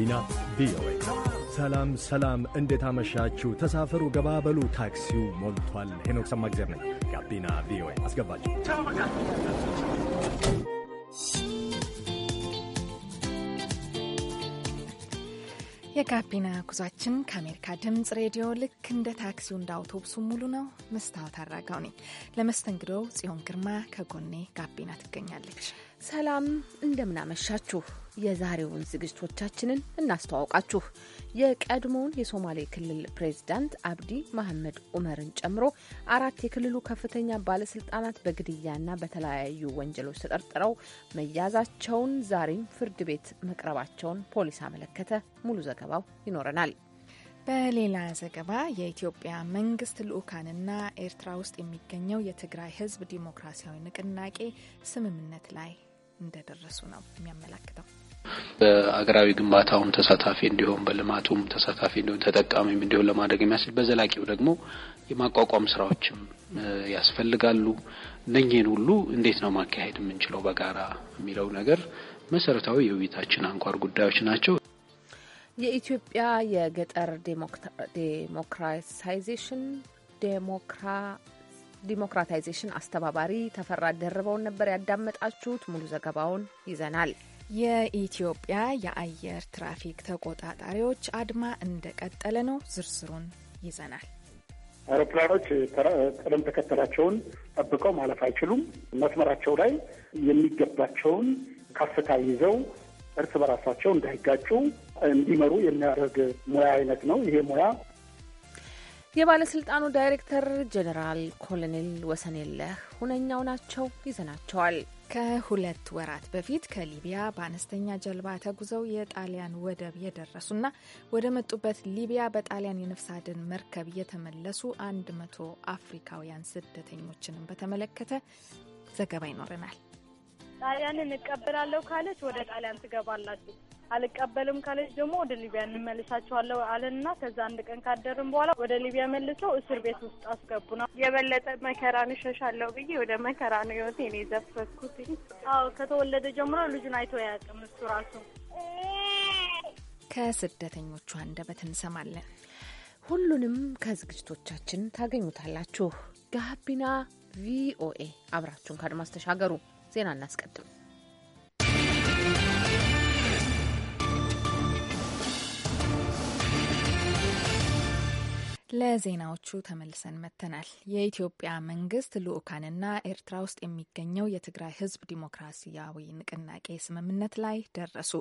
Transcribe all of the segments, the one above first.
ጋቢና ቪኦኤ። ሰላም ሰላም፣ እንዴት አመሻችሁ? ተሳፈሩ፣ ገባበሉ፣ ታክሲው ሞልቷል። ሄኖክ ሰማግዜር ነኝ። ጋቢና ቪኦኤ አስገባችሁ። የጋቢና ጉዟችን ከአሜሪካ ድምፅ ሬዲዮ ልክ እንደ ታክሲው እንደ አውቶቡሱ ሙሉ ነው። መስታወት አድራጋው ነኝ። ለመስተንግዶው ጽዮን ግርማ ከጎኔ ጋቢና ትገኛለች። ሰላም እንደምናመሻችሁ የዛሬውን ዝግጅቶቻችንን እናስተዋውቃችሁ። የቀድሞውን የሶማሌ ክልል ፕሬዚዳንት አብዲ መሐመድ ኡመርን ጨምሮ አራት የክልሉ ከፍተኛ ባለስልጣናት በግድያና በተለያዩ ወንጀሎች ተጠርጥረው መያዛቸውን ዛሬም ፍርድ ቤት መቅረባቸውን ፖሊስ አመለከተ። ሙሉ ዘገባው ይኖረናል። በሌላ ዘገባ የኢትዮጵያ መንግስት ልዑካንና ኤርትራ ውስጥ የሚገኘው የትግራይ ህዝብ ዲሞክራሲያዊ ንቅናቄ ስምምነት ላይ እንደደረሱ ነው የሚያመላክተው። በአገራዊ ግንባታውም ተሳታፊ እንዲሆን በልማቱም ተሳታፊ እንዲሆን ተጠቃሚም እንዲሆን ለማድረግ የሚያስችል በዘላቂው ደግሞ የማቋቋም ስራዎችም ያስፈልጋሉ። እነኚህን ሁሉ እንዴት ነው ማካሄድ የምንችለው በጋራ የሚለው ነገር መሰረታዊ የውይይታችን አንኳር ጉዳዮች ናቸው። የኢትዮጵያ የገጠር ዴሞክራታይዜሽን ዴሞክራ ዲሞክራታይዜሽን አስተባባሪ ተፈራ ደርበውን ነበር ያዳመጣችሁት። ሙሉ ዘገባውን ይዘናል። የኢትዮጵያ የአየር ትራፊክ ተቆጣጣሪዎች አድማ እንደቀጠለ ነው። ዝርዝሩን ይዘናል። አውሮፕላኖች ቅደም ተከተላቸውን ጠብቀው ማለፍ አይችሉም። መስመራቸው ላይ የሚገባቸውን ከፍታ ይዘው እርስ በራሳቸው እንዳይጋጩ እንዲመሩ የሚያደርግ ሙያ አይነት ነው ይሄ ሙያ። የባለስልጣኑ ዳይሬክተር ጀኔራል ኮሎኔል ወሰንየለህ ሁነኛው ናቸው። ይዘናቸዋል። ከሁለት ወራት በፊት ከሊቢያ በአነስተኛ ጀልባ ተጉዘው የጣሊያን ወደብ የደረሱና ወደ መጡበት ሊቢያ በጣሊያን የነፍስ አድን መርከብ የተመለሱ አንድ መቶ አፍሪካውያን ስደተኞችንም በተመለከተ ዘገባ ይኖረናል። ጣሊያንን እቀበላለሁ ካለች ወደ ጣሊያን ትገባላችሁ አልቀበልም ካለች ደግሞ ወደ ሊቢያ እንመልሳቸዋለሁ አለንና ከዛ አንድ ቀን ካደርም በኋላ ወደ ሊቢያ መልሰው እስር ቤት ውስጥ አስገቡና የበለጠ መከራን እሸሻለሁ ብዬ ወደ መከራ ነው ኔ ዘፈኩት። አዎ ከተወለደ ጀምሮ ልጁን አይቶ ያቅም እሱ ራሱ። ከስደተኞቹ አንደበት እንሰማለን። ሁሉንም ከዝግጅቶቻችን ታገኙታላችሁ። ጋቢና ቪኦኤ አብራችሁን ከአድማስ ተሻገሩ። ዜና እናስቀድም። ለዜናዎቹ ተመልሰን መጥተናል። የኢትዮጵያ መንግስት ልዑካንና ኤርትራ ውስጥ የሚገኘው የትግራይ ህዝብ ዲሞክራሲያዊ ንቅናቄ ስምምነት ላይ ደረሱ።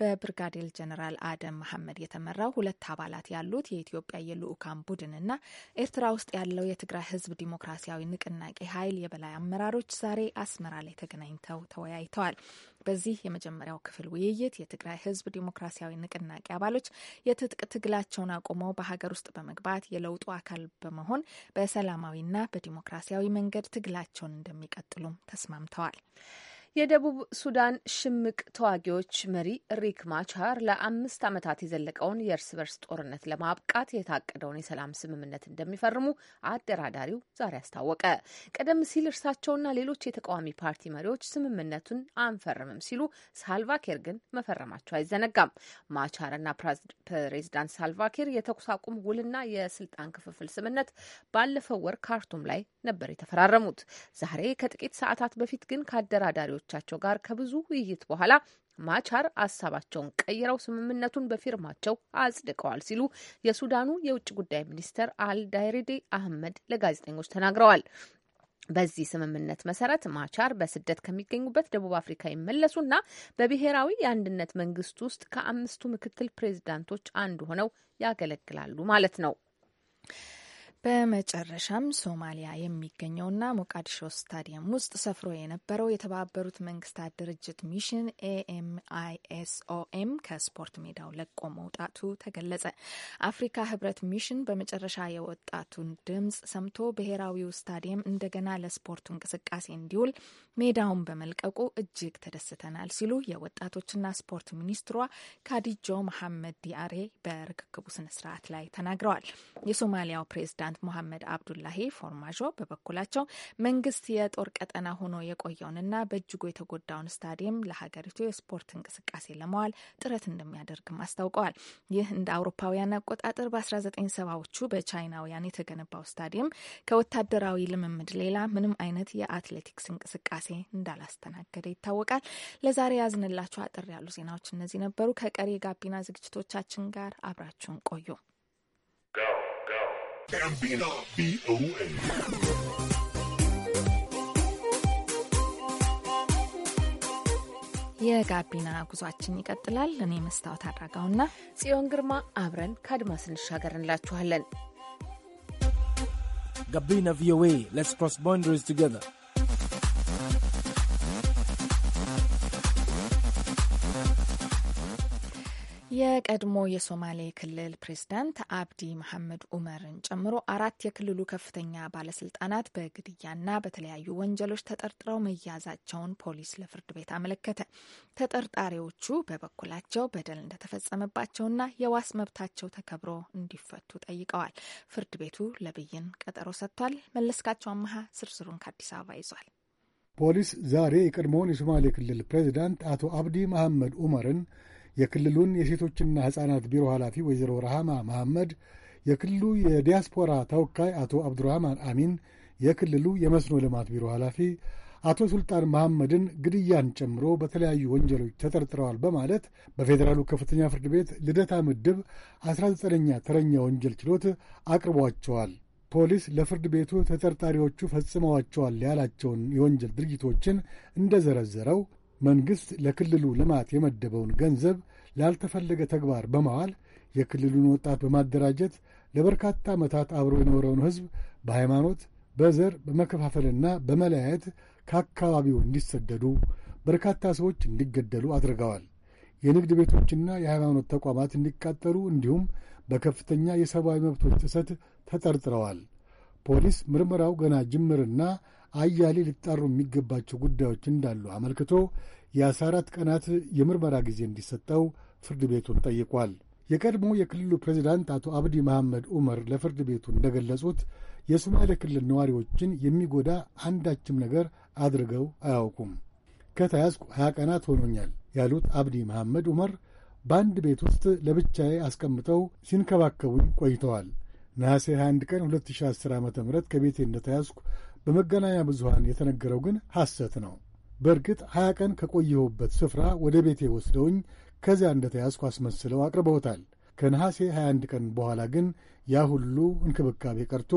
በብርጋዴር ጀነራል አደም መሐመድ የተመራው ሁለት አባላት ያሉት የኢትዮጵያ የልዑካን ቡድንና ኤርትራ ውስጥ ያለው የትግራይ ህዝብ ዲሞክራሲያዊ ንቅናቄ ኃይል የበላይ አመራሮች ዛሬ አስመራ ላይ ተገናኝተው ተወያይተዋል። በዚህ የመጀመሪያው ክፍል ውይይት የትግራይ ህዝብ ዲሞክራሲያዊ ንቅናቄ አባሎች የትጥቅ ትግላቸውን አቁመው በሀገር ውስጥ በመግባት የለውጡ አካል በመሆን በሰላማዊና በዲሞክራሲያዊ መንገድ ትግላቸውን እንደሚቀጥሉም ተስማምተዋል። የደቡብ ሱዳን ሽምቅ ተዋጊዎች መሪ ሪክ ማቻር ለአምስት ዓመታት የዘለቀውን የእርስ በርስ ጦርነት ለማብቃት የታቀደውን የሰላም ስምምነት እንደሚፈርሙ አደራዳሪው ዛሬ አስታወቀ። ቀደም ሲል እርሳቸውና ሌሎች የተቃዋሚ ፓርቲ መሪዎች ስምምነቱን አንፈርምም ሲሉ፣ ሳልቫኪር ግን መፈረማቸው አይዘነጋም። ማቻርና ፕሬዚዳንት ሳልቫኪር የተኩስ አቁም ውልና የስልጣን ክፍፍል ስምምነት ባለፈው ወር ካርቱም ላይ ነበር የተፈራረሙት። ዛሬ ከጥቂት ሰዓታት በፊት ግን ከአደራዳሪዎች ከደጋፊዎቻቸው ጋር ከብዙ ውይይት በኋላ ማቻር ሀሳባቸውን ቀይረው ስምምነቱን በፊርማቸው አጽድቀዋል ሲሉ የሱዳኑ የውጭ ጉዳይ ሚኒስትር አልዳይሬዴ አህመድ ለጋዜጠኞች ተናግረዋል። በዚህ ስምምነት መሰረት ማቻር በስደት ከሚገኙበት ደቡብ አፍሪካ ይመለሱና በብሔራዊ የአንድነት መንግስት ውስጥ ከአምስቱ ምክትል ፕሬዚዳንቶች አንዱ ሆነው ያገለግላሉ ማለት ነው። በመጨረሻም ሶማሊያ የሚገኘውና ሞቃዲሾ ስታዲየም ውስጥ ሰፍሮ የነበረው የተባበሩት መንግስታት ድርጅት ሚሽን ኤኤምአይኤስኦኤም ከስፖርት ሜዳው ለቆ መውጣቱ ተገለጸ። አፍሪካ ህብረት ሚሽን በመጨረሻ የወጣቱን ድምጽ ሰምቶ ብሔራዊው ስታዲየም እንደገና ለስፖርቱ እንቅስቃሴ እንዲውል ሜዳውን በመልቀቁ እጅግ ተደስተናል ሲሉ የወጣቶችና ስፖርት ሚኒስትሯ ካዲጆ መሐመድ ዲያሬ በርክክቡ ስነስርዓት ላይ ተናግረዋል። የሶማሊያው ፕሬዝዳንት ፕሬዚዳንት ሞሐመድ አብዱላሂ ፎርማዦ በበኩላቸው መንግስት የጦር ቀጠና ሆኖ የቆየውንና በእጅጉ የተጎዳውን ስታዲየም ለሀገሪቱ የስፖርት እንቅስቃሴ ለመዋል ጥረት እንደሚያደርግም አስታውቀዋል። ይህ እንደ አውሮፓውያን አቆጣጠር በ1970ዎቹ በቻይናውያን የተገነባው ስታዲየም ከወታደራዊ ልምምድ ሌላ ምንም አይነት የአትሌቲክስ እንቅስቃሴ እንዳላስተናገደ ይታወቃል። ለዛሬ ያዝንላችሁ አጠር ያሉ ዜናዎች እነዚህ ነበሩ። ከቀሪ ጋቢና ዝግጅቶቻችን ጋር አብራችሁን ቆዩ። የጋቢና ጉዟችን ይቀጥላል። እኔ መስታወት አድራጋውና ጽዮን ግርማ አብረን ከአድማስ ስንሻገር እንላችኋለን። ጋቢና ቪኦኤ ሌትስ ክሮስ ቦንደሪስ ቱጌዘር የቀድሞ የሶማሌ ክልል ፕሬዝዳንት አብዲ መሐመድ ኡመርን ጨምሮ አራት የክልሉ ከፍተኛ ባለስልጣናት በግድያና በተለያዩ ወንጀሎች ተጠርጥረው መያዛቸውን ፖሊስ ለፍርድ ቤት አመለከተ። ተጠርጣሪዎቹ በበኩላቸው በደል እንደተፈጸመባቸውና የዋስ መብታቸው ተከብሮ እንዲፈቱ ጠይቀዋል። ፍርድ ቤቱ ለብይን ቀጠሮ ሰጥቷል። መለስካቸው አመሃ ዝርዝሩን ከአዲስ አበባ ይዟል። ፖሊስ ዛሬ የቀድሞውን የሶማሌ ክልል ፕሬዚዳንት አቶ አብዲ መሐመድ ኡመርን የክልሉን የሴቶችና ሕፃናት ቢሮ ኃላፊ ወይዘሮ ረሃማ መሐመድ፣ የክልሉ የዲያስፖራ ተወካይ አቶ አብዱራህማን አሚን፣ የክልሉ የመስኖ ልማት ቢሮ ኃላፊ አቶ ሱልጣን መሐመድን ግድያን ጨምሮ በተለያዩ ወንጀሎች ተጠርጥረዋል በማለት በፌዴራሉ ከፍተኛ ፍርድ ቤት ልደታ ምድብ 19ኛ ተረኛ ወንጀል ችሎት አቅርቧቸዋል። ፖሊስ ለፍርድ ቤቱ ተጠርጣሪዎቹ ፈጽመዋቸዋል ያላቸውን የወንጀል ድርጊቶችን እንደዘረዘረው መንግሥት ለክልሉ ልማት የመደበውን ገንዘብ ላልተፈለገ ተግባር በማዋል የክልሉን ወጣት በማደራጀት ለበርካታ ዓመታት አብሮ የኖረውን ሕዝብ በሃይማኖት፣ በዘር በመከፋፈልና በመለያየት ከአካባቢው እንዲሰደዱ፣ በርካታ ሰዎች እንዲገደሉ አድርገዋል። የንግድ ቤቶችና የሃይማኖት ተቋማት እንዲቃጠሉ እንዲሁም በከፍተኛ የሰብአዊ መብቶች ጥሰት ተጠርጥረዋል። ፖሊስ ምርመራው ገና ጅምርና አያሌ ሊጣሩ የሚገባቸው ጉዳዮች እንዳሉ አመልክቶ የአስራ አራት ቀናት የምርመራ ጊዜ እንዲሰጠው ፍርድ ቤቱን ጠይቋል። የቀድሞ የክልሉ ፕሬዚዳንት አቶ አብዲ መሐመድ ዑመር ለፍርድ ቤቱ እንደገለጹት የሶማሌ ክልል ነዋሪዎችን የሚጎዳ አንዳችም ነገር አድርገው አያውቁም። ከተያዝኩ ሀያ ቀናት ሆኖኛል ያሉት አብዲ መሐመድ ዑመር በአንድ ቤት ውስጥ ለብቻዬ አስቀምጠው ሲንከባከቡኝ ቆይተዋል። ነሐሴ 21 ቀን 2010 ዓ ም ከቤቴ እንደተያዝኩ በመገናኛ ብዙሃን የተነገረው ግን ሐሰት ነው። በእርግጥ ሀያ ቀን ከቆየሁበት ስፍራ ወደ ቤቴ ወስደውኝ ከዚያ ተያዝኩ አስመስለው አቅርበውታል። ከነሐሴ 21 ቀን በኋላ ግን ያ ሁሉ እንክብካቤ ቀርቶ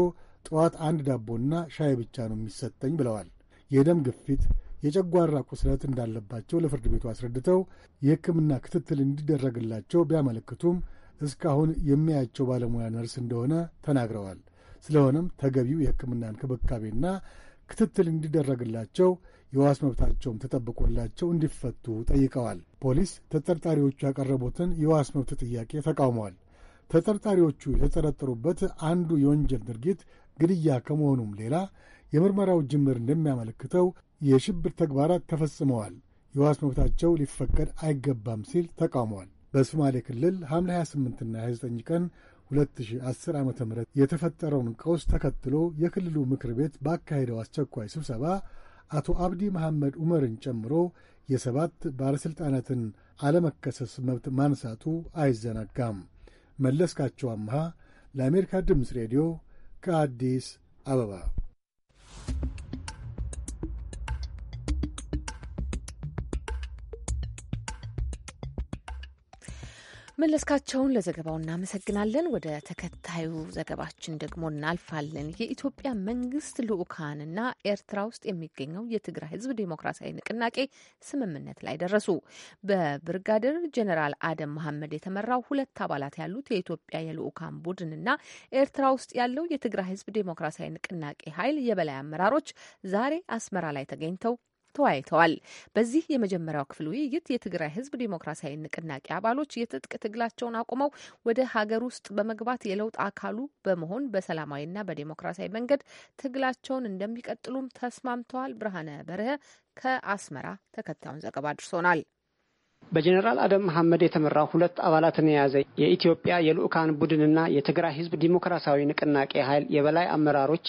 ጠዋት አንድ ዳቦና ሻይ ብቻ ነው የሚሰጠኝ ብለዋል። የደም ግፊት፣ የጨጓራ ቁስለት እንዳለባቸው ለፍርድ ቤቱ አስረድተው የሕክምና ክትትል እንዲደረግላቸው ቢያመለክቱም እስካሁን የሚያያቸው ባለሙያ ነርስ እንደሆነ ተናግረዋል። ስለሆነም ተገቢው የሕክምና እንክብካቤና ክትትል እንዲደረግላቸው የዋስ መብታቸውም ተጠብቆላቸው እንዲፈቱ ጠይቀዋል። ፖሊስ ተጠርጣሪዎቹ ያቀረቡትን የዋስ መብት ጥያቄ ተቃውመዋል። ተጠርጣሪዎቹ የተጠረጠሩበት አንዱ የወንጀል ድርጊት ግድያ ከመሆኑም ሌላ የምርመራው ጅምር እንደሚያመለክተው የሽብር ተግባራት ተፈጽመዋል፣ የዋስ መብታቸው ሊፈቀድ አይገባም ሲል ተቃውመዋል። በሶማሌ ክልል ሐምሌ 28ና 29 ቀን 2010 ዓ ም የተፈጠረውን ቀውስ ተከትሎ የክልሉ ምክር ቤት ባካሄደው አስቸኳይ ስብሰባ አቶ አብዲ መሐመድ ዑመርን ጨምሮ የሰባት ባለሥልጣናትን አለመከሰስ መብት ማንሳቱ አይዘነጋም። መለስካቸው አምሃ ለአሜሪካ ድምፅ ሬዲዮ ከአዲስ አበባ መለስካቸውን ለዘገባው እናመሰግናለን። ወደ ተከታዩ ዘገባችን ደግሞ እናልፋለን። የኢትዮጵያ መንግስት ልዑካንና ኤርትራ ውስጥ የሚገኘው የትግራይ ህዝብ ዴሞክራሲያዊ ንቅናቄ ስምምነት ላይ ደረሱ። በብርጋዴር ጀኔራል አደም መሐመድ የተመራው ሁለት አባላት ያሉት የኢትዮጵያ የልዑካን ቡድንና ኤርትራ ውስጥ ያለው የትግራይ ህዝብ ዴሞክራሲያዊ ንቅናቄ ኃይል የበላይ አመራሮች ዛሬ አስመራ ላይ ተገኝተው ተወያይተዋል። በዚህ የመጀመሪያው ክፍል ውይይት የትግራይ ህዝብ ዴሞክራሲያዊ ንቅናቄ አባሎች የትጥቅ ትግላቸውን አቁመው ወደ ሀገር ውስጥ በመግባት የለውጥ አካሉ በመሆን በሰላማዊና በዴሞክራሲያዊ መንገድ ትግላቸውን እንደሚቀጥሉም ተስማምተዋል። ብርሃነ በርሀ ከአስመራ ተከታዩን ዘገባ አድርሶናል። በጀኔራል አደም መሐመድ የተመራው ሁለት አባላትን የያዘ የኢትዮጵያ የልዑካን ቡድንና የትግራይ ሕዝብ ዲሞክራሲያዊ ንቅናቄ ኃይል የበላይ አመራሮች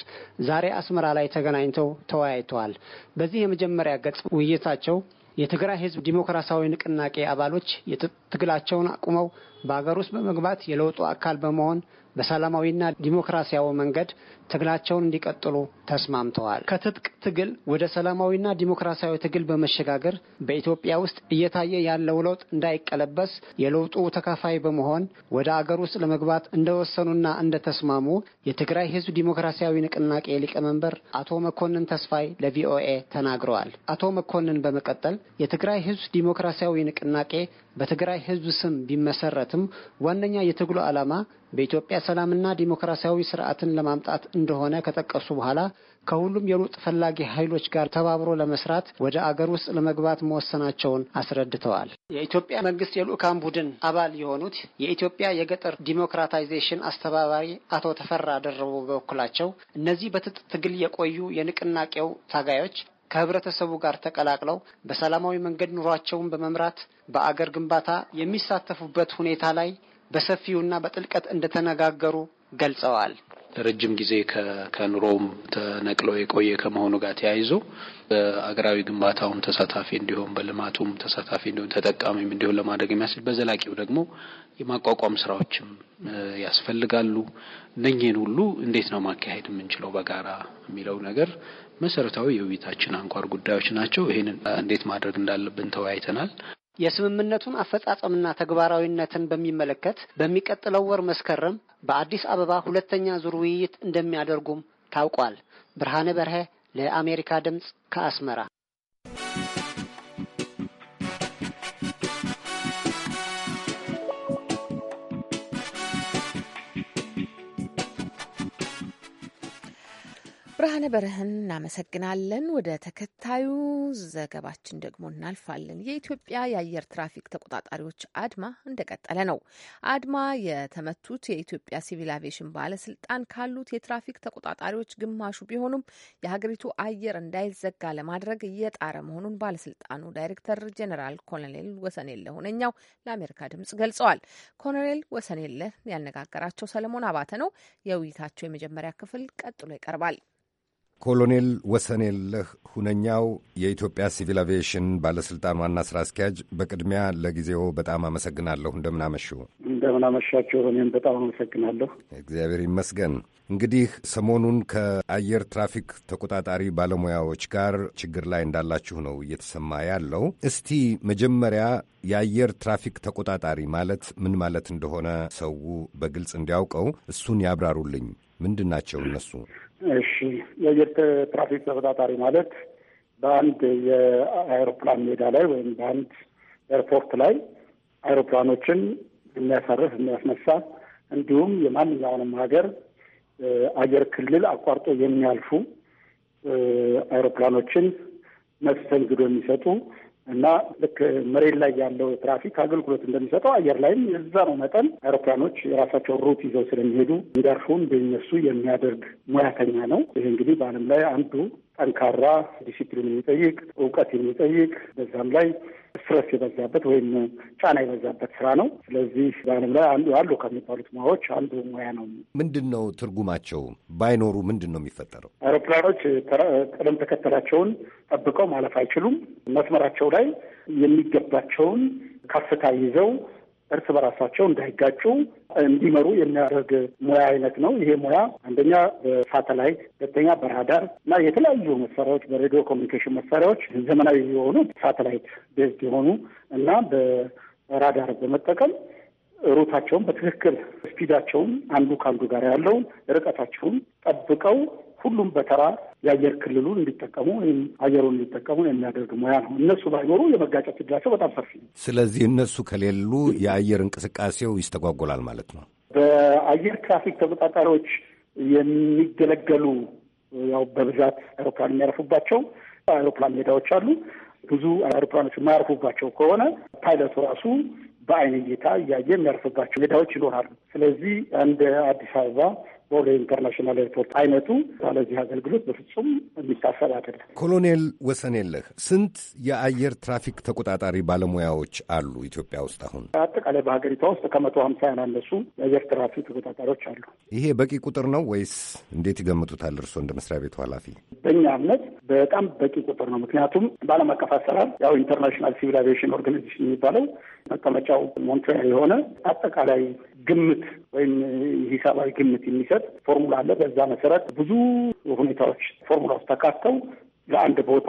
ዛሬ አስመራ ላይ ተገናኝተው ተወያይተዋል። በዚህ የመጀመሪያ ገጽ ውይይታቸው የትግራይ ሕዝብ ዲሞክራሲያዊ ንቅናቄ አባሎች የትግላቸውን አቁመው በአገር ውስጥ በመግባት የለውጡ አካል በመሆን በሰላማዊና ዲሞክራሲያዊ መንገድ ትግላቸውን እንዲቀጥሉ ተስማምተዋል። ከትጥቅ ትግል ወደ ሰላማዊና ዲሞክራሲያዊ ትግል በመሸጋገር በኢትዮጵያ ውስጥ እየታየ ያለው ለውጥ እንዳይቀለበስ የለውጡ ተካፋይ በመሆን ወደ አገር ውስጥ ለመግባት እንደወሰኑና እንደተስማሙ የትግራይ ሕዝብ ዲሞክራሲያዊ ንቅናቄ ሊቀመንበር አቶ መኮንን ተስፋይ ለቪኦኤ ተናግረዋል። አቶ መኮንን በመቀጠል የትግራይ ሕዝብ ዲሞክራሲያዊ ንቅናቄ በትግራይ ሕዝብ ስም ቢመሰረትም ዋነኛ የትግሉ ዓላማ በኢትዮጵያ ሰላምና ዲሞክራሲያዊ ስርዓትን ለማምጣት እንደሆነ ከጠቀሱ በኋላ ከሁሉም የለውጥ ፈላጊ ኃይሎች ጋር ተባብሮ ለመስራት ወደ አገር ውስጥ ለመግባት መወሰናቸውን አስረድተዋል። የኢትዮጵያ መንግስት የልዑካን ቡድን አባል የሆኑት የኢትዮጵያ የገጠር ዲሞክራታይዜሽን አስተባባሪ አቶ ተፈራ ደረቡ በበኩላቸው እነዚህ በትጥቅ ትግል የቆዩ የንቅናቄው ታጋዮች ከህብረተሰቡ ጋር ተቀላቅለው በሰላማዊ መንገድ ኑሯቸውን በመምራት በአገር ግንባታ የሚሳተፉበት ሁኔታ ላይ በሰፊውና በጥልቀት እንደተነጋገሩ ገልጸዋል። ረጅም ጊዜ ከኑሮውም ተነቅሎ የቆየ ከመሆኑ ጋር ተያይዞ በአገራዊ ግንባታውም ተሳታፊ እንዲሆን በልማቱም ተሳታፊ እንዲሆን ተጠቃሚም እንዲሆን ለማድረግ የሚያስችል በዘላቂው ደግሞ የማቋቋም ስራዎችም ያስፈልጋሉ። እነኚህን ሁሉ እንዴት ነው ማካሄድ የምንችለው በጋራ የሚለው ነገር መሰረታዊ የውይይታችን አንኳር ጉዳዮች ናቸው። ይህንን እንዴት ማድረግ እንዳለብን ተወያይተናል። የስምምነቱን አፈጻጸምና ተግባራዊነትን በሚመለከት በሚቀጥለው ወር መስከረም በአዲስ አበባ ሁለተኛ ዙር ውይይት እንደሚያደርጉም ታውቋል። ብርሃነ በርሀ ለአሜሪካ ድምፅ ከአስመራ ብርሃነ በረህን እናመሰግናለን። ወደ ተከታዩ ዘገባችን ደግሞ እናልፋለን። የኢትዮጵያ የአየር ትራፊክ ተቆጣጣሪዎች አድማ እንደቀጠለ ነው። አድማ የተመቱት የኢትዮጵያ ሲቪል አቪዬሽን ባለስልጣን ካሉት የትራፊክ ተቆጣጣሪዎች ግማሹ ቢሆኑም የሀገሪቱ አየር እንዳይዘጋ ለማድረግ እየጣረ መሆኑን ባለስልጣኑ ዳይሬክተር ጄኔራል ኮሎኔል ወሰኔለ ሁነኛው ለአሜሪካ ድምጽ ገልጸዋል። ኮሎኔል ወሰኔለ ያነጋገራቸው ሰለሞን አባተ ነው። የውይይታቸው የመጀመሪያ ክፍል ቀጥሎ ይቀርባል። ኮሎኔል ወሰኔለህ ሁነኛው የኢትዮጵያ ሲቪል አቪዬሽን ባለስልጣን ዋና ስራ አስኪያጅ፣ በቅድሚያ ለጊዜው በጣም አመሰግናለሁ። እንደምን እንደምናመሻቸው። እኔም በጣም አመሰግናለሁ። እግዚአብሔር ይመስገን። እንግዲህ ሰሞኑን ከአየር ትራፊክ ተቆጣጣሪ ባለሙያዎች ጋር ችግር ላይ እንዳላችሁ ነው እየተሰማ ያለው። እስቲ መጀመሪያ የአየር ትራፊክ ተቆጣጣሪ ማለት ምን ማለት እንደሆነ ሰው በግልጽ እንዲያውቀው እሱን ያብራሩልኝ። ምንድን ናቸው እነሱ? እሺ የአየር ትራፊክ ተቆጣጣሪ ማለት በአንድ የአይሮፕላን ሜዳ ላይ ወይም በአንድ ኤርፖርት ላይ አይሮፕላኖችን የሚያሳርፍ የሚያስነሳ፣ እንዲሁም የማንኛውንም ሀገር አየር ክልል አቋርጦ የሚያልፉ አይሮፕላኖችን መስተንግዶ የሚሰጡ እና ልክ መሬት ላይ ያለው ትራፊክ አገልግሎት እንደሚሰጠው አየር ላይም የዛ ነው መጠን አውሮፕላኖች የራሳቸውን ሩት ይዘው ስለሚሄዱ እንዲያርፉ በእነሱ የሚያደርግ ሙያተኛ ነው። ይሄ እንግዲህ በዓለም ላይ አንዱ ጠንካራ ዲሲፕሊን የሚጠይቅ እውቀት የሚጠይቅ በዛም ላይ ስትረስ የበዛበት ወይም ጫና የበዛበት ስራ ነው። ስለዚህ በዓለም ላይ አንዱ አሉ ከሚባሉት ሙያዎች አንዱ ሙያ ነው። ምንድን ነው ትርጉማቸው? ባይኖሩ ምንድን ነው የሚፈጠረው? አውሮፕላኖች ቅደም ተከተላቸውን ጠብቀው ማለፍ አይችሉም። መስመራቸው ላይ የሚገባቸውን ከፍታ ይዘው እርስ በራሳቸው እንዳይጋጩ እንዲመሩ የሚያደርግ ሙያ አይነት ነው። ይሄ ሙያ አንደኛ በሳተላይት ሁለተኛ በራዳር እና የተለያዩ መሳሪያዎች በሬዲዮ ኮሚኒኬሽን መሳሪያዎች ዘመናዊ የሆኑ ሳተላይት ቤዝድ የሆኑ እና በራዳር በመጠቀም ሩታቸውን በትክክል ስፒዳቸውን አንዱ ከአንዱ ጋር ያለውን ርቀታቸውን ጠብቀው ሁሉም በተራ የአየር ክልሉን እንዲጠቀሙ ወይም አየሩን እንዲጠቀሙ የሚያደርግ ሙያ ነው። እነሱ ባይኖሩ የመጋጨት እድላቸው በጣም ሰፊ ነው። ስለዚህ እነሱ ከሌሉ የአየር እንቅስቃሴው ይስተጓጎላል ማለት ነው። በአየር ትራፊክ ተቆጣጣሪዎች የሚገለገሉ ያው በብዛት አሮፕላን የሚያረፉባቸው አውሮፕላን ሜዳዎች አሉ። ብዙ አውሮፕላኖች የማያርፉባቸው ከሆነ ፓይለቱ ራሱ በአይን እይታ እያየ የሚያርፍባቸው ሜዳዎች ይኖራሉ። ስለዚህ እንደ አዲስ አበባ ቦሌ ኢንተርናሽናል ኤርፖርት አይነቱ ለዚህ አገልግሎት በፍጹም የሚታሰብ አይደለም። ኮሎኔል ወሰን የለህ ስንት የአየር ትራፊክ ተቆጣጣሪ ባለሙያዎች አሉ ኢትዮጵያ ውስጥ? አሁን አጠቃላይ በሀገሪቷ ውስጥ ከመቶ ሀምሳ ያናነሱ የአየር ትራፊክ ተቆጣጣሪዎች አሉ። ይሄ በቂ ቁጥር ነው ወይስ እንዴት ይገምቱታል እርስዎ እንደ መስሪያ ቤቱ ኃላፊ? በእኛ እምነት በጣም በቂ ቁጥር ነው። ምክንያቱም በዓለም አቀፍ አሰራር ያው ኢንተርናሽናል ሲቪል አቪዬሽን ኦርጋናይዜሽን የሚባለው መቀመጫው ሞንትሪያል የሆነ አጠቃላይ ግምት ወይም ሂሳባዊ ግምት የሚሰጥ ፎርሙላ አለ። በዛ መሰረት ብዙ ሁኔታዎች ፎርሙላ ውስጥ ተካተው ለአንድ ቦታ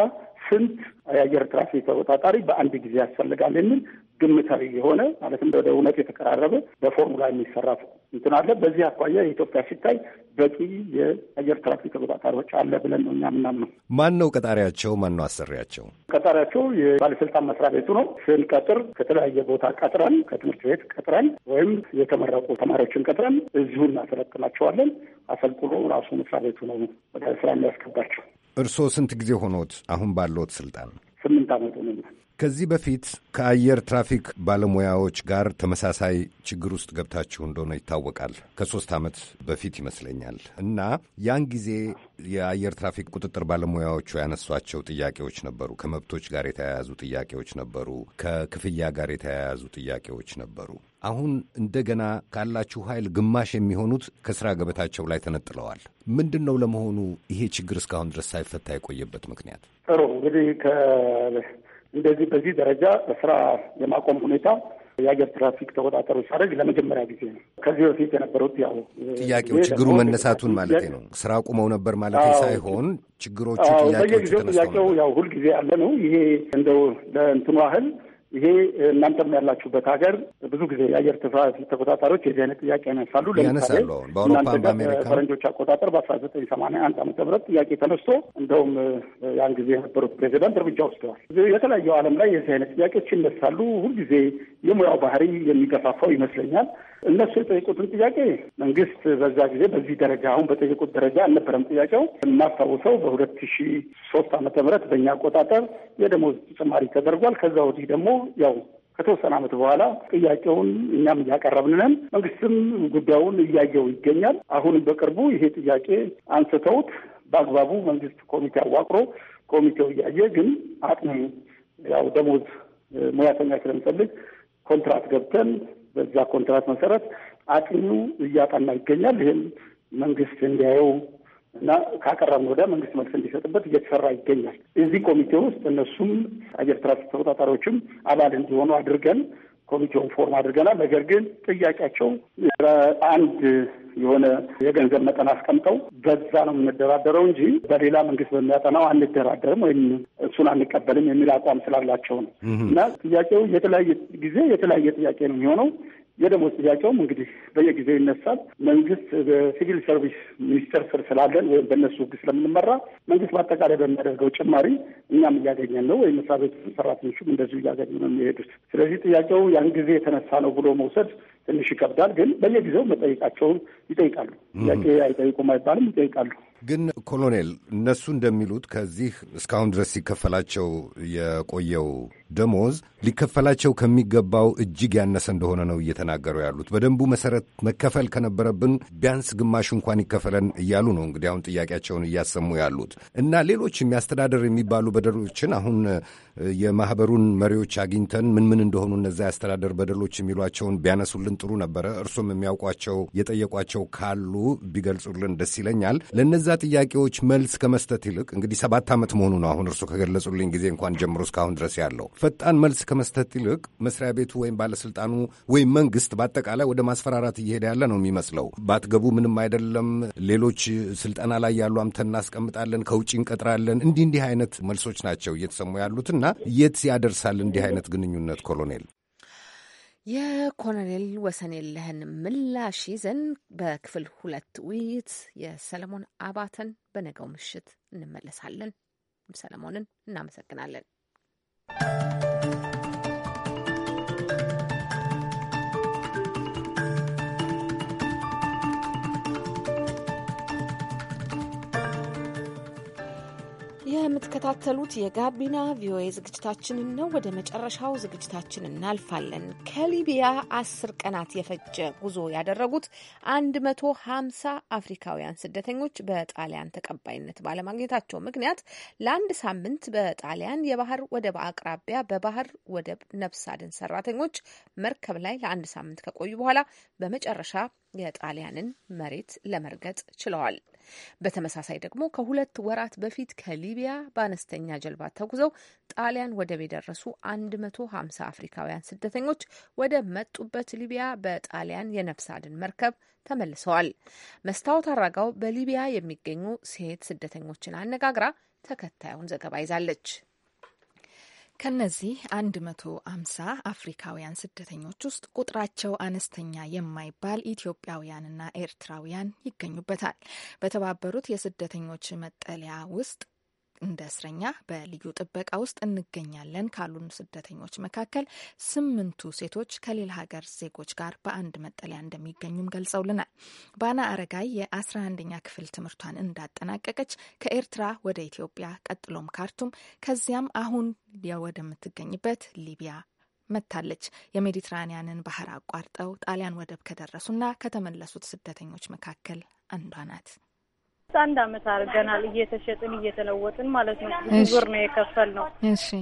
ስንት የአየር ትራፊክ ተቆጣጣሪ በአንድ ጊዜ ያስፈልጋል የሚል ግምታዊ የሆነ ማለትም ወደ እውነት የተቀራረበ በፎርሙላ የሚሰራ እንትን አለ። በዚህ አኳያ የኢትዮጵያ ሲታይ በቂ የአየር ትራፊክ ተቆጣጣሪዎች አለ ብለን ነው እኛ ምናምነው። ማን ነው ቀጣሪያቸው? ማን ነው አሰሪያቸው? ቀጣሪያቸው የባለስልጣን መስሪያ ቤቱ ነው። ስንቀጥር ከተለያየ ቦታ ቀጥረን፣ ከትምህርት ቤት ቀጥረን ወይም የተመረቁ ተማሪዎችን ቀጥረን እዚሁ እናሰለጥናቸዋለን። አሰልጥኖ ራሱ መስሪያ ቤቱ ነው ወደ ስራ የሚያስገባቸው። እርስዎ ስንት ጊዜ ሆኖት አሁን ባለዎት ስልጣን? ስምንት ዓመት ሆኖኛል። ከዚህ በፊት ከአየር ትራፊክ ባለሙያዎች ጋር ተመሳሳይ ችግር ውስጥ ገብታችሁ እንደሆነ ይታወቃል። ከሶስት ዓመት በፊት ይመስለኛል። እና ያን ጊዜ የአየር ትራፊክ ቁጥጥር ባለሙያዎቹ ያነሷቸው ጥያቄዎች ነበሩ። ከመብቶች ጋር የተያያዙ ጥያቄዎች ነበሩ። ከክፍያ ጋር የተያያዙ ጥያቄዎች ነበሩ። አሁን እንደገና ካላችሁ ኃይል ግማሽ የሚሆኑት ከስራ ገበታቸው ላይ ተነጥለዋል። ምንድን ነው ለመሆኑ ይሄ ችግር እስካሁን ድረስ ሳይፈታ የቆየበት ምክንያት? ጥሩ እንግዲህ እንደዚህ በዚህ ደረጃ በስራ የማቆም ሁኔታ የአየር ትራፊክ ተቆጣጣሪዎች ሳደግ ለመጀመሪያ ጊዜ ነው። ከዚህ በፊት የነበሩት ያው ጥያቄው ችግሩ መነሳቱን ማለት ነው። ስራ አቁመው ነበር ማለት ሳይሆን ችግሮቹ በየጊዜው ጥያቄው ያው ሁልጊዜ ያለ ነው። ይሄ እንደው ለእንትኑ ያህል ይሄ እናንተም ያላችሁበት ሀገር ብዙ ጊዜ የአየር ትራፊክ ተቆጣጣሪዎች የዚህ አይነት ጥያቄ ያነሳሉ። ለምሳሌ እናንተ ጋር አቆጣጠር በአስራ ዘጠኝ ሰማንያ አንድ ዓመተ ምህረት ጥያቄ ተነስቶ እንደውም ያን ጊዜ የነበሩት ፕሬዚዳንት እርምጃ ወስደዋል። የተለያዩ ዓለም ላይ የዚህ አይነት ጥያቄዎች ይነሳሉ። ሁልጊዜ የሙያው ባህሪ የሚገፋፋው ይመስለኛል። እነሱ የጠየቁትን ጥያቄ መንግስት በዛ ጊዜ በዚህ ደረጃ አሁን በጠየቁት ደረጃ አልነበረም። ጥያቄው የማስታውሰው በሁለት ሺ ሶስት አመተ ምህረት በእኛ አቆጣጠር የደሞዝ ተጨማሪ ተደርጓል። ከዛ ወዲህ ደግሞ ያው ከተወሰነ አመት በኋላ ጥያቄውን እኛም እያቀረብን ነን። መንግስትም ጉዳዩን እያየው ይገኛል። አሁንም በቅርቡ ይሄ ጥያቄ አንስተውት በአግባቡ መንግስት ኮሚቴ አዋቅሮ ኮሚቴው እያየ ግን አቅሚ ያው ደሞዝ ሙያተኛ ስለሚፈልግ ኮንትራት ገብተን በዛ ኮንትራት መሰረት አጥኚው እያጠና ይገኛል። ይህም መንግስት እንዲያየው እና ካቀረብን ወዲያ መንግስት መልስ እንዲሰጥበት እየተሰራ ይገኛል። እዚህ ኮሚቴ ውስጥ እነሱም አየር ትራፊክ ተቆጣጣሪዎችም አባል እንዲሆኑ አድርገን ኮሚቴውን ፎርም አድርገናል። ነገር ግን ጥያቄያቸው አንድ የሆነ የገንዘብ መጠን አስቀምጠው በዛ ነው የምንደራደረው እንጂ በሌላ መንግስት በሚያጠናው አንደራደርም ወይም እሱን አንቀበልም የሚል አቋም ስላላቸው ነው እና ጥያቄው የተለያየ ጊዜ የተለያየ ጥያቄ ነው የሚሆነው። የደሞዝ ጥያቄውም እንግዲህ በየጊዜው ይነሳል። መንግስት በሲቪል ሰርቪስ ሚኒስቴር ስር ስላለን ወይም በእነሱ ህግ ስለምንመራ መንግስት በአጠቃላይ በሚያደርገው ጭማሪ እኛም እያገኘን ነው፣ ወይም መስሪያ ቤቱ ሰራተኞቹም እንደዚሁ እያገኙ ነው የሚሄዱት። ስለዚህ ጥያቄው ያን ጊዜ የተነሳ ነው ብሎ መውሰድ ትንሽ ይከብዳል። ግን በየጊዜው መጠየቃቸውን ይጠይቃሉ። ጥያቄ አይጠይቁም አይባልም፣ ይጠይቃሉ። ግን ኮሎኔል፣ እነሱ እንደሚሉት ከዚህ እስካሁን ድረስ ሲከፈላቸው የቆየው ደሞዝ ሊከፈላቸው ከሚገባው እጅግ ያነሰ እንደሆነ ነው እየተናገሩ ያሉት። በደንቡ መሰረት መከፈል ከነበረብን ቢያንስ ግማሽ እንኳን ይከፈለን እያሉ ነው እንግዲህ አሁን ጥያቄያቸውን እያሰሙ ያሉት እና ሌሎች የሚያስተዳደር የሚባሉ በደሎችን አሁን የማህበሩን መሪዎች አግኝተን ምን ምን እንደሆኑ እነዛ ያስተዳደር በደሎች የሚሏቸውን ቢያነሱልን ጥሩ ነበረ። እርሱም የሚያውቋቸው የጠየቋቸው ካሉ ቢገልጹልን ደስ ይለኛል። ለእነዛ ጥያቄዎች መልስ ከመስጠት ይልቅ እንግዲህ ሰባት ዓመት መሆኑ ነው አሁን እርሶ ከገለጹልኝ ጊዜ እንኳን ጀምሮ እስካሁን ድረስ ያለው ፈጣን መልስ ከመስጠት ይልቅ መስሪያ ቤቱ ወይም ባለስልጣኑ ወይም መንግስት በአጠቃላይ ወደ ማስፈራራት እየሄደ ያለ ነው የሚመስለው። ባትገቡ ምንም አይደለም፣ ሌሎች ስልጠና ላይ ያሉ አምተን እናስቀምጣለን፣ ከውጭ እንቀጥራለን፣ እንዲህ እንዲህ አይነት መልሶች ናቸው እየተሰሙ ያሉትና የት ያደርሳል እንዲህ አይነት ግንኙነት ኮሎኔል? የኮሎኔል ወሰንየለህን ምላሽ ይዘን በክፍል ሁለት ውይይት የሰለሞን አባተን በነገው ምሽት እንመለሳለን። ሰለሞንን እናመሰግናለን። Música የምትከታተሉት የጋቢና ቪኦኤ ዝግጅታችንን ነው። ወደ መጨረሻው ዝግጅታችን እናልፋለን። ከሊቢያ አስር ቀናት የፈጀ ጉዞ ያደረጉት 150 አፍሪካውያን ስደተኞች በጣሊያን ተቀባይነት ባለማግኘታቸው ምክንያት ለአንድ ሳምንት በጣሊያን የባህር ወደብ አቅራቢያ በባህር ወደብ ነፍስ አድን ሰራተኞች መርከብ ላይ ለአንድ ሳምንት ከቆዩ በኋላ በመጨረሻ የጣሊያንን መሬት ለመርገጥ ችለዋል። በተመሳሳይ ደግሞ ከሁለት ወራት በፊት ከሊቢያ በአነስተኛ ጀልባ ተጉዘው ጣሊያን ወደብ የደረሱ 150 አፍሪካውያን ስደተኞች ወደ መጡበት ሊቢያ በጣሊያን የነፍስ አድን መርከብ ተመልሰዋል። መስታወት አራጋው በሊቢያ የሚገኙ ሴት ስደተኞችን አነጋግራ ተከታዩን ዘገባ ይዛለች። ከነዚህ 150 አፍሪካውያን ስደተኞች ውስጥ ቁጥራቸው አነስተኛ የማይባል ኢትዮጵያውያንና ኤርትራውያን ይገኙበታል። በተባበሩት የስደተኞች መጠለያ ውስጥ እንደ እስረኛ በልዩ ጥበቃ ውስጥ እንገኛለን ካሉን ስደተኞች መካከል ስምንቱ ሴቶች ከሌላ ሀገር ዜጎች ጋር በአንድ መጠለያ እንደሚገኙም ገልጸውልናል። ባና አረጋይ የአስራ አንደኛ ክፍል ትምህርቷን እንዳጠናቀቀች ከኤርትራ ወደ ኢትዮጵያ ቀጥሎም ካርቱም ከዚያም አሁን ወደምትገኝበት ሊቢያ መታለች። የሜዲትራኒያንን ባህር አቋርጠው ጣሊያን ወደብ ከደረሱና ከተመለሱት ስደተኞች መካከል አንዷ ናት። አንድ አመት አድርገናል። እየተሸጥን እየተለወጥን ማለት ነው። ዙር ነው የከፈል ነው።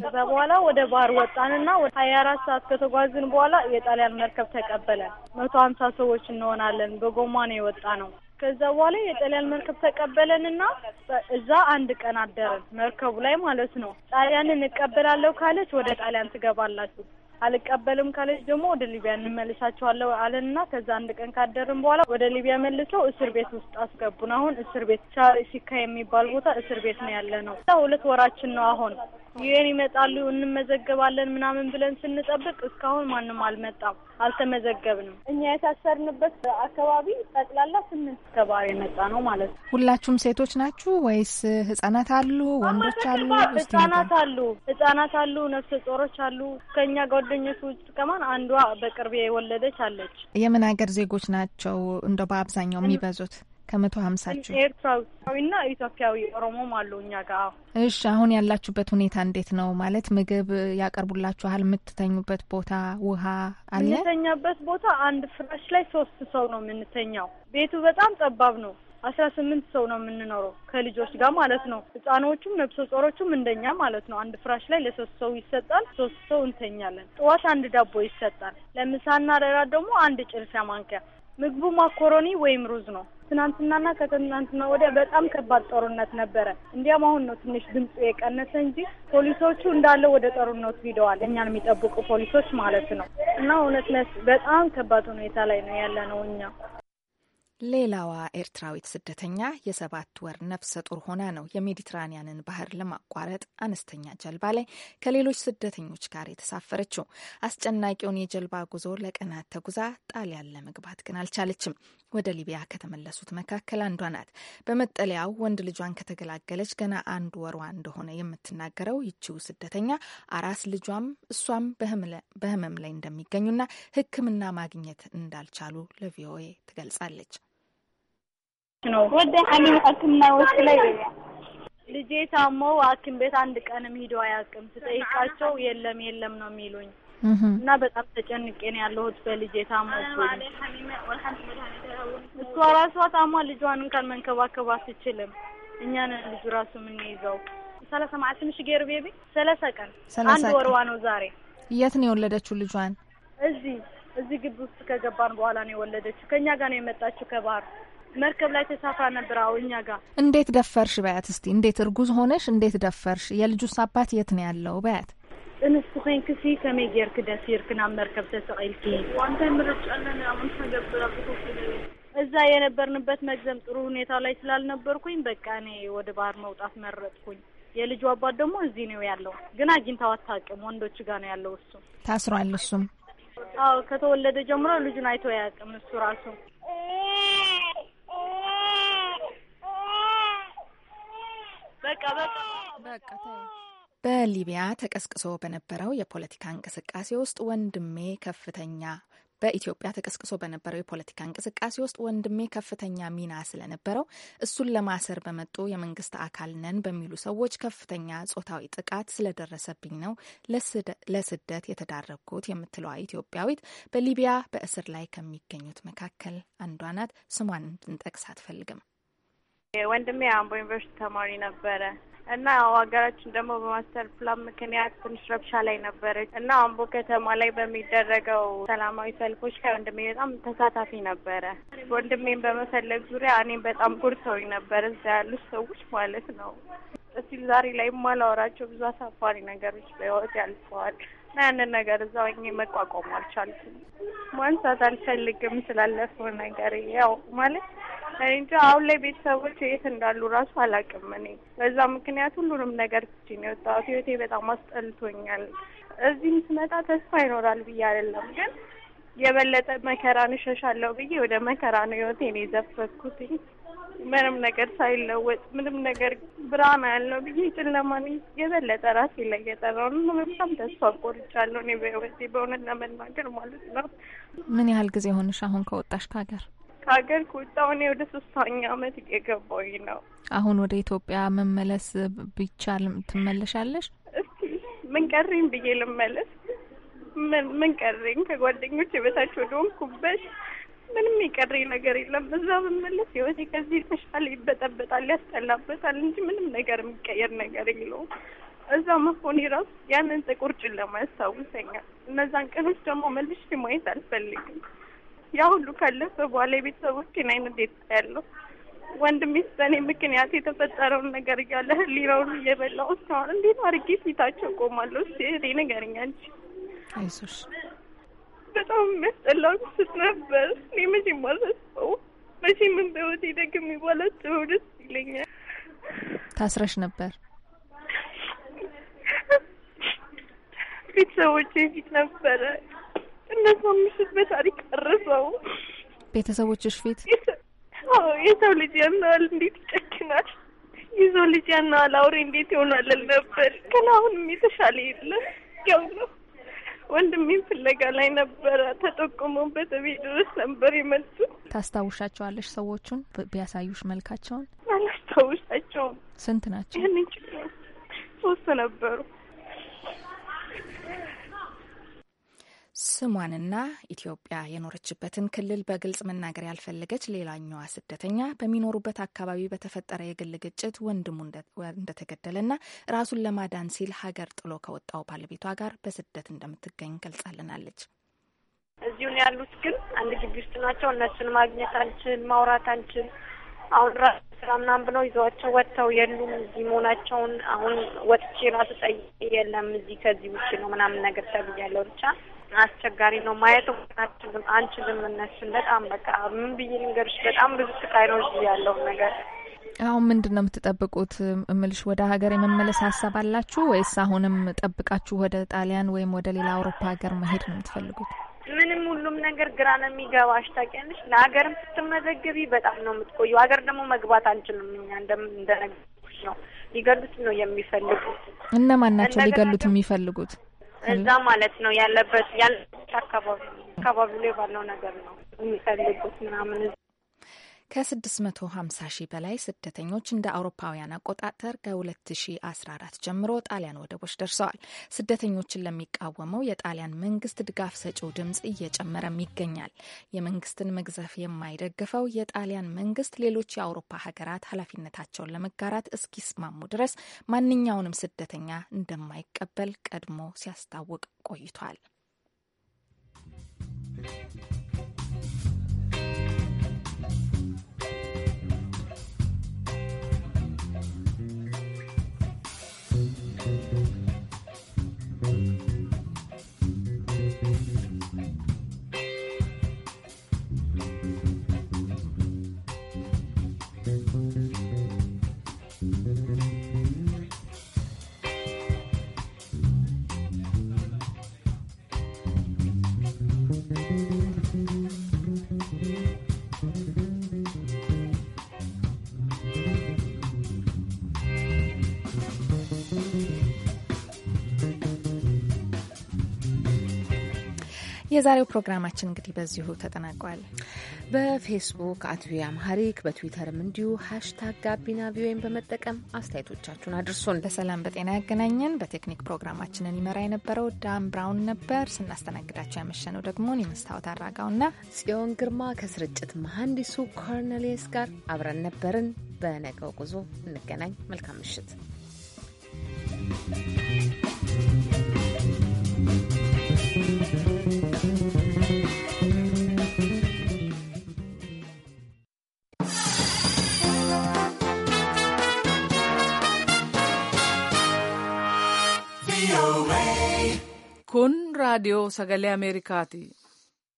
ከዛ በኋላ ወደ ባህር ወጣንና ወደ ሀያ አራት ሰዓት ከተጓዝን በኋላ የጣሊያን መርከብ ተቀበለን። መቶ ሀምሳ ሰዎች እንሆናለን። በጎማ ነው የወጣ ነው። ከዛ በኋላ የጣሊያን መርከብ ተቀበለንና እዛ አንድ ቀን አደረን መርከቡ ላይ ማለት ነው። ጣሊያን እንቀበላለሁ ካለች ወደ ጣሊያን ትገባላችሁ አልቀበልም ካለች ደግሞ ወደ ሊቢያ እንመልሳቸዋለሁ አለንና ከዛ አንድ ቀን ካደርን በኋላ ወደ ሊቢያ መልሰው እስር ቤት ውስጥ አስገቡን። አሁን እስር ቤት ሲካ የሚባል ቦታ እስር ቤት ነው ያለ ነው። ሁለት ወራችን ነው አሁን ዩኤን ይመጣሉ እንመዘገባለን ምናምን ብለን ስንጠብቅ እስካሁን ማንም አልመጣም፣ አልተመዘገብንም። እኛ የታሰርንበት አካባቢ ጠቅላላ ስምንት ከባሪ የመጣ ነው ማለት ነው። ሁላችሁም ሴቶች ናችሁ ወይስ ህጻናት አሉ? ወንዶች አሉ? ህጻናት አሉ፣ ህጻናት አሉ፣ ነፍሰ ጦሮች አሉ ከኛ ጋር ከጓደኞች ከማን አንዷ በቅርብ የወለደች አለች። የምን ሀገር ዜጎች ናቸው እንደ በአብዛኛው የሚበዙት? ከመቶ ሀምሳችሁ ኤርትራዊና ኢትዮጵያዊ ኦሮሞም አሉ እኛ ጋር። እሺ አሁን ያላችሁበት ሁኔታ እንዴት ነው? ማለት ምግብ ያቀርቡላችኋል? የምትተኙበት ቦታ ውሃ አለ? የምንተኛበት ቦታ አንድ ፍራሽ ላይ ሶስት ሰው ነው የምንተኛው። ቤቱ በጣም ጠባብ ነው። አስራ ስምንት ሰው ነው የምንኖረው ከልጆች ጋር ማለት ነው። ህጻኖቹም ነብሰ ጾሮቹም እንደኛ ማለት ነው። አንድ ፍራሽ ላይ ለሶስት ሰው ይሰጣል። ሶስት ሰው እንተኛለን። ጠዋት አንድ ዳቦ ይሰጣል። ለምሳና ለራት ደግሞ አንድ ጭልፋ ማንኪያ። ምግቡ ማኮሮኒ ወይም ሩዝ ነው። ትናንትናና ከትናንትና ወዲያ በጣም ከባድ ጦርነት ነበረ። እንዲያም አሁን ነው ትንሽ ድምፁ የቀነሰ እንጂ ፖሊሶቹ እንዳለ ወደ ጦርነት ሂደዋል። እኛን የሚጠብቁ ፖሊሶች ማለት ነው። እና እውነት በጣም ከባድ ሁኔታ ላይ ነው ያለ ነው እኛ ሌላዋ ኤርትራዊት ስደተኛ የሰባት ወር ነፍሰ ጡር ሆና ነው የሜዲትራኒያንን ባህር ለማቋረጥ አነስተኛ ጀልባ ላይ ከሌሎች ስደተኞች ጋር የተሳፈረችው። አስጨናቂውን የጀልባ ጉዞ ለቀናት ተጉዛ ጣሊያን ለመግባት ግን አልቻለችም። ወደ ሊቢያ ከተመለሱት መካከል አንዷ ናት። በመጠለያው ወንድ ልጇን ከተገላገለች ገና አንድ ወሯ እንደሆነ የምትናገረው ይቺው ስደተኛ አራስ ልጇም እሷም በሕመም ላይ እንደሚገኙና ሕክምና ማግኘት እንዳልቻሉ ለቪኦኤ ትገልጻለች። ነው ወደ ሐኪም ሕክምና ውስጥ ላይ ልጄ ታሞ ሐኪም ቤት አንድ ቀንም ሂዶ አያውቅም። ስጠይቃቸው የለም የለም ነው የሚሉኝ እና በጣም ተጨንቄ ነው ያለሁት በልጄ ታሞ። እሷ ራሷ ታሟ ልጇን እንኳን መንከባከብ አትችልም። እኛን ልጁ ራሱ የምንይዘው ሰላሳ ማለት ትንሽ ጌር ቤቢ ሰላሳ ቀን አንድ ወርዋ ነው ዛሬ። የት ነው የወለደችው ልጇን? እዚህ እዚህ ግቢ ውስጥ ከገባን በኋላ ነው የወለደችው። ከእኛ ጋር ነው የመጣችው ከባህር መርከብ ላይ ተሳፍራ ነበር። አዎ እኛ ጋር። እንዴት ደፈርሽ በያት? እስቲ እንዴት እርጉዝ ሆነሽ እንዴት ደፈርሽ? የልጁስ አባት የት ነው ያለው በያት? እንስቱ ኮንክ ከመይ ጌርክ ደፊርክ ናብ መርከብ ተሰቂልኪ ዋንተ ምርጫ አለን አሁን ተገብራ እዛ የነበርንበት መግዘም ጥሩ ሁኔታ ላይ ስላልነበርኩኝ በቃ እኔ ወደ ባህር መውጣት መረጥኩኝ። የልጁ አባት ደግሞ እዚህ ነው ያለው፣ ግን አግኝታው አታውቅም። ወንዶች ጋር ነው ያለው። እሱ ታስሯል። እሱም አዎ ከተወለደ ጀምሮ ልጁን አይቶ አያውቅም እሱ ራሱ በሊቢያ ተቀስቅሶ በነበረው የፖለቲካ እንቅስቃሴ ውስጥ ወንድሜ ከፍተኛ በኢትዮጵያ ተቀስቅሶ በነበረው የፖለቲካ እንቅስቃሴ ውስጥ ወንድሜ ከፍተኛ ሚና ስለነበረው እሱን ለማሰር በመጡ የመንግስት አካል ነን በሚሉ ሰዎች ከፍተኛ ጾታዊ ጥቃት ስለደረሰብኝ ነው ለስደት የተዳረግኩት የምትለዋ ኢትዮጵያዊት በሊቢያ በእስር ላይ ከሚገኙት መካከል አንዷ ናት። ስሟን እንድንጠቅስ አትፈልግም። ወንድሜ አምቦ ዩኒቨርሲቲ ተማሪ ነበረ እና ያው ሀገራችን ደግሞ በማስተር ፕላን ምክንያት ትንሽ ረብሻ ላይ ነበረች እና አምቦ ከተማ ላይ በሚደረገው ሰላማዊ ሰልፎች ላይ ወንድሜ በጣም ተሳታፊ ነበረ። ወንድሜን በመፈለግ ዙሪያ እኔም በጣም ጉርተውኝ ነበረ እዛ ያሉት ሰዎች ማለት ነው። እስቲ ዛሬ ላይ የማላወራቸው ብዙ አሳፋሪ ነገሮች በህይወት ያልፈዋል። ያንን ነገር እዛው መቋቋም አልቻልኩም። ማንሳት አልፈልግም ስላለፈው ነገር ያው ማለት እንጂ አሁን ላይ ቤተሰቦች የት እንዳሉ ራሱ አላውቅም። እኔ በዛ ምክንያት ሁሉንም ነገር ትቼ ነው የወጣሁት። ህይወቴ በጣም አስጠልቶኛል። እዚህም ስመጣ ተስፋ ይኖራል ብዬ አይደለም ግን የበለጠ መከራን እሸሻለሁ ብዬ ወደ መከራ ነው ህይወቴን የዘፈኩትኝ። ምንም ነገር ሳይለወጥ ምንም ነገር ብርሃን ያለው ብዬ ጨለማ የበለጠ ራሴ ላይ የጠራው ነው። በጣም ተስፋ ቆርጫለሁ እኔ በህይወቴ በእውነት ለመናገር ማለት ነው። ምን ያህል ጊዜ ሆንሽ አሁን ከወጣሽ ከሀገር? ከሀገር ከወጣሁ እኔ ወደ ሶስተኛ አመት የገባኝ ነው። አሁን ወደ ኢትዮጵያ መመለስ ቢቻል ትመለሻለሽ? እስቲ ምን ቀረኝ ብዬ ልመለስ? ምን ምን ቀረኝ? ከጓደኞች የበታች ወደሆንኩበት ምንም የቀረኝ ነገር የለም። እዛ ብመለስ ህይወቴ ከዚህ የተሻለ ይበጠበጣል፣ ያስጠላበታል እንጂ ምንም ነገር የሚቀየር ነገር የለውም። እዛ መሆኔ ራሱ ያንን ጥቁር ጨለማ ያስታውሰኛል። እነዛን ቀኖች ደግሞ መልሼ ማየት አልፈልግም። ያ ሁሉ ካለፈ በኋላ የቤተሰቦቼን አይነት ያለው ወንድሜ በእኔ ምክንያት የተፈጠረውን ነገር እያለ ህሊናውን እየበላው እስካሁን እንዴት አድርጌ ፊታቸው ቆማለሁ? እስኪ እህቴ ንገሪኝ አንቺ። አይዞሽ በጣም የሚያስጠላ ስስ ነበር። እኔ መቼም አልረሳው። መቼም በህይወቴ ደግም ይባላት ጥበው ደስ ይለኛል። ታስረሽ ነበር ቤተሰቦቼ ፊት ነበረ። እነሱ ምሽት በታሪክ ቀረሰው ቤተሰቦችሽ ፊት የሰው ልጅ ያናዋል እንዴት ይጨክናል? የሰው ልጅ ያናዋል አውሬ እንዴት ይሆናል ነበር። ግን አሁንም የተሻለ የለም ያው ነው ወንድሜን ፍለጋ ላይ ነበረ። ተጠቁሞበት ቤት ድረስ ነበር የመጡ። ታስታውሻቸዋለሽ? ሰዎቹን ቢያሳዩሽ መልካቸውን? አላስታውሻቸውም። ስንት ናቸው? ያን ሶስት ነበሩ። ስሟንና ኢትዮጵያ የኖረችበትን ክልል በግልጽ መናገር ያልፈለገች ሌላኛዋ ስደተኛ በሚኖሩበት አካባቢ በተፈጠረ የግል ግጭት ወንድሙ እንደተገደለና ራሱን ለማዳን ሲል ሀገር ጥሎ ከወጣው ባለቤቷ ጋር በስደት እንደምትገኝ ገልጻልናለች። እዚሁን ያሉት፣ ግን አንድ ግቢ ውስጥ ናቸው። እነሱን ማግኘት አንችል፣ ማውራት አንችል። አሁን ራሱ ስራ ምናምን ብለው ይዘዋቸው ወጥተው የሉም እዚህ መሆናቸውን። አሁን ወጥቼ ራሱ ጠይቄ የለም እዚህ ከዚህ ውጭ ነው ምናምን ነገር ተብያለሁ ብቻ አስቸጋሪ ነው ማየት አንችልም አንችልም እነሱን በጣም በቃ ምን ብዬ ልንገርሽ በጣም ብዙ ስቃይ ነው ያለው ነገር አሁን ምንድን ነው የምትጠብቁት? እምልሽ ወደ ሀገር የመመለስ ሀሳብ አላችሁ ወይስ አሁንም ጠብቃችሁ ወደ ጣሊያን ወይም ወደ ሌላ አውሮፓ ሀገር መሄድ ነው የምትፈልጉት? ምንም ሁሉም ነገር ግራ ነው የሚገባሽ። ታውቂያለሽ፣ ለሀገርም ስትመዘግቢ በጣም ነው የምትቆዩ። ሀገር ደግሞ መግባት አንችልም እኛ እንደነገርኩሽ ነው። ሊገሉት ነው የሚፈልጉት። እነማን ናቸው ሊገሉት የሚፈልጉት? እዛ ማለት ነው ያለበት ያለበት አካባቢ አካባቢ ላይ ባለው ነገር ነው የሚፈልጉት ምናምን ከ650 ሺህ በላይ ስደተኞች እንደ አውሮፓውያን አቆጣጠር ከ2014 ጀምሮ ጣሊያን ወደቦች ደርሰዋል። ስደተኞችን ለሚቃወመው የጣሊያን መንግስት ድጋፍ ሰጪው ድምፅ እየጨመረም ይገኛል። የመንግስትን መግዘፍ የማይደግፈው የጣሊያን መንግስት ሌሎች የአውሮፓ ሀገራት ኃላፊነታቸውን ለመጋራት እስኪስማሙ ድረስ ማንኛውንም ስደተኛ እንደማይቀበል ቀድሞ ሲያስታውቅ ቆይቷል። የዛሬው ፕሮግራማችን እንግዲህ በዚሁ ተጠናቋል። በፌስቡክ አት ቪኦኤ አምሃሪክ በትዊተርም እንዲሁ ሀሽታግ ጋቢና ቪኦኤን በመጠቀም አስተያየቶቻችሁን አድርሱን። በሰላም በጤና ያገናኘን። በቴክኒክ ፕሮግራማችንን ይመራ የነበረው ዳም ብራውን ነበር። ስናስተናግዳቸው ያመሸነው ደግሞ የመስታወት አራጋውና ጽዮን ግርማ ከስርጭት መሐንዲሱ ኮርኔሊየስ ጋር አብረን ነበርን። በነገው ጉዞ እንገናኝ። መልካም ምሽት። radio sagale ameerikaati